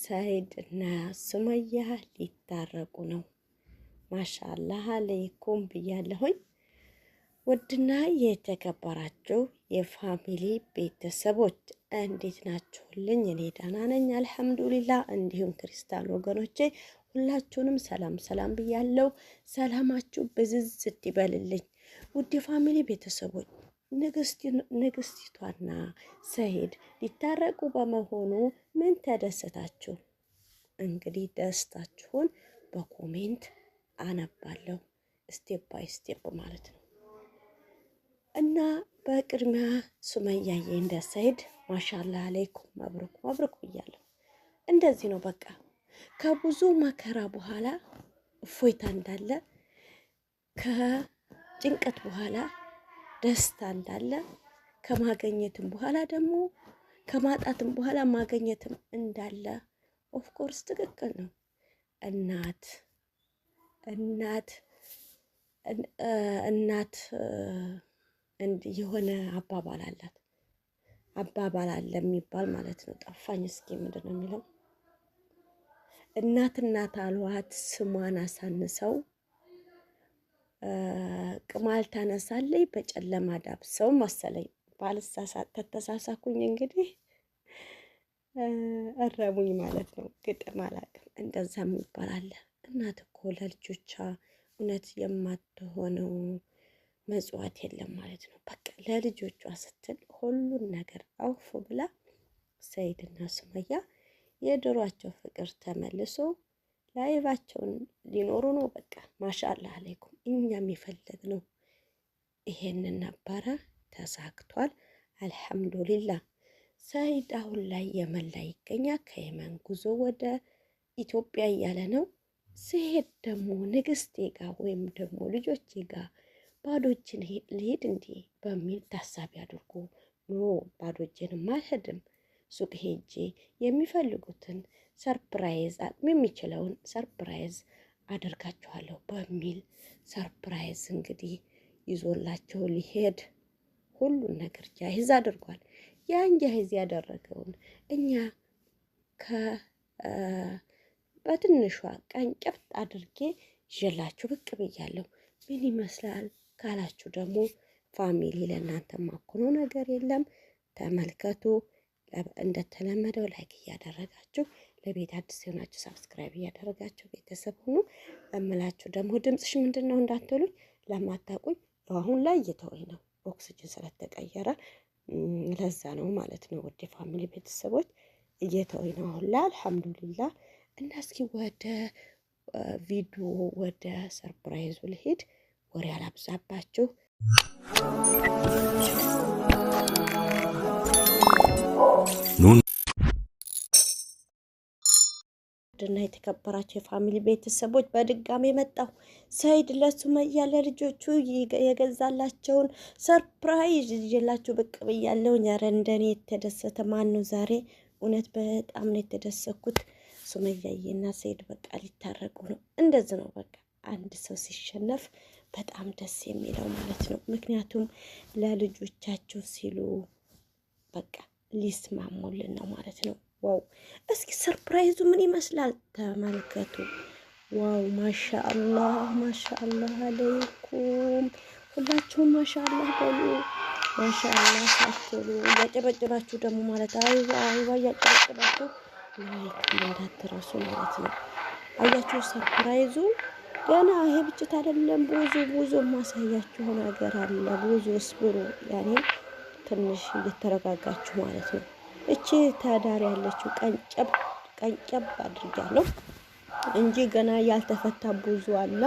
ሰይድ እና ሱመያ ሊታረቁ ነው። ማሻላህ አለይኩም ብያለሁኝ። ውድና የተከበራችሁ የፋሚሊ ቤተሰቦች እንዴት ናችሁልኝ? እኔ ደህና ነኝ አልሐምዱሊላ። እንዲሁም ክርስቲያን ወገኖቼ ሁላችሁንም ሰላም ሰላም ብያለሁ። ሰላማችሁ ብዝዝት ይበልልኝ። ውድ የፋሚሊ ቤተሰቦች ንግስቲቷና ሰሂድ ሊታረቁ በመሆኑ ምን ተደሰታችሁ? እንግዲህ ደስታችሁን በኮሜንት አነባለሁ። ስቴፕ ባይ ስቴፕ ማለት ነው። እና በቅድሚያ ሱመያዬ እንደ ሰሂድ ማሻላ አሌይኩም መብሩክ መብሩክ ብያለሁ። እንደዚህ ነው በቃ ከብዙ መከራ በኋላ እፎይታ እንዳለ ከጭንቀት በኋላ ደስታ እንዳለ ከማገኘትም በኋላ ደግሞ ከማጣትም በኋላ ማገኘትም እንዳለ ኦፍኮርስ ትክክል ነው። እናት እናት እናት የሆነ አባባል አላት አባባል አለ የሚባል ማለት ነው። ጠፋኝ። እስኪ ምንድን ነው የሚለው? እናት እናት ስሟን አሳንሰው ቅማል ተነሳለይ በጨለማ ሰው መሰለኝ ባልሳሳት ተተሳሳኩኝ። እንግዲህ እረሙኝ ማለት ነው። ግጥም አላውቅም፣ እንደዛም ይባላል። እናት እኮ ለልጆቿ እውነት የማትሆነው መጽዋት የለም ማለት ነው። በቃ ለልጆቿ ስትል ሁሉን ነገር አውፎ ብላ ሰይድና ሱመያ የድሯቸው ፍቅር ተመልሶ ላይቫቸውን ሊኖሩ ነው። በቃ ማሻላ እኛ እኛም ነው ይሄንን ነበረ፣ ተሳክቷል። አልሐምዱሊላ። ሰይድ አሁን ላይ የመን ላይ ይገኛል። ከየመን ጉዞ ወደ ኢትዮጵያ እያለ ነው። ሲሄድ ደግሞ ንግስቴ ጋ ወይም ደግሞ ልጆቼ ጋ ባዶችን ልሄድ እንዴ በሚል ታሳቢ አድርጎ ኖ ባዶጀንም አልሄድም ሱቅ ሄጄ የሚፈልጉትን ሰርፕራይዝ አቅም የሚችለውን ሰርፕራይዝ አደርጋችኋለሁ በሚል ሰርፕራይዝ እንግዲህ ይዞላቸው ሊሄድ ሁሉን ነገር ጃሂዝ አድርጓል። ያን ጃሂዝ ያደረገውን እኛ ከ በትንሿ ቀንጨብት አድርጌ ይዤላችሁ ብቅ ብያለሁ። ምን ይመስላል ካላችሁ ደግሞ ፋሚሊ ለእናንተ ማኮኖ ነገር የለም ተመልከቱ። እንደተለመደው ላይክ እያደረጋችሁ ለቤት አዲስ የሆናችሁ ሳብስክራይብ እያደረጋችሁ ቤተሰብ ሁኑ እምላችሁ። ደግሞ ድምፅሽ ምንድን ነው እንዳትሉኝ ለማታውቁኝ፣ በአሁን ላይ እየተወኝ ነው ኦክስጅን ስለተቀየረ ለዛ ነው ማለት ነው። ወደ ፋሚሊ ቤተሰቦች እየተወኝ ነው አሁን ላይ አልሐምዱሊላ። እና እስኪ ወደ ቪዲዮ ወደ ሰርፕራይዙ ልሄድ፣ ወሬ አላብዛባችሁ። ኑን እና የተከበራቸው የፋሚሊ ቤተሰቦች በድጋሚ መጣሁ። ሰይድ ለሱመያ ለልጆቹ የገዛላቸውን ሰርፕራይዝ ይዤላችሁ ብቅ ብያለሁ። ኧረ እንደኔ የተደሰተ ማን ነው ዛሬ? እውነት በጣም ነው የተደሰኩት። ሱመያዬና ሰይድ በቃ ሊታረቁ ነው። እንደዚህ ነው በቃ አንድ ሰው ሲሸነፍ በጣም ደስ የሚለው ማለት ነው። ምክንያቱም ለልጆቻቸው ሲሉ በቃ ሊስማሙልን ነው ማለት ነው። ዋው! እስኪ ሰርፕራይዙ ምን ይመስላል ተመልከቱ። ዋው! ማሻአላህ ማሻአላህ አለይኩም ሁላችሁም ማሻአላህ በሉ። ማሻአላህ ሳትሉ እያጨበጭባችሁ ደግሞ ማለት አይዋ አይዋ እያጨበጭባችሁ ላይክ እንዳትረሱ ማለት ነው። አያችሁ ሰርፕራይዙ ገና ይሄ ብጭት አይደለም። ብዙ ብዙ ማሳያችሁ ነገር አለ። ብዙ እስብሩ ያኔ ትንሽ እየተረጋጋችሁ ማለት ነው። እቺ ተዳር ያለችው ቀንጨብ ቀንጨብ አድርጋለሁ እንጂ ገና ያልተፈታ ብዙ አለ።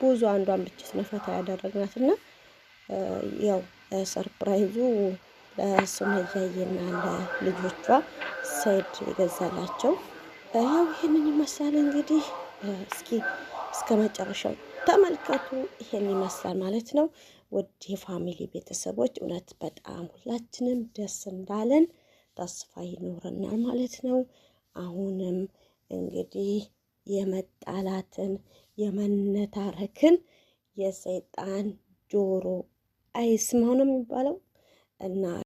ብዙ አንዷን ብቻ ስነፈታ ያደረግናትና ያው ሰርፕራይዙ ለሱመያዬና ለልጆቿ ሰይድ የገዛላቸው ያው ይህንን ይመስላል እንግዲህ እስኪ እስከ መጨረሻው ተመልከቱ። ይሄን ይመስላል ማለት ነው። ውድ የፋሚሊ ቤተሰቦች እውነት በጣም ሁላችንም ደስ እንዳለን ተስፋ ይኖረናል ማለት ነው። አሁንም እንግዲህ የመጣላትን የመነታረክን የሰይጣን ጆሮ አይስማው የሚባለው እና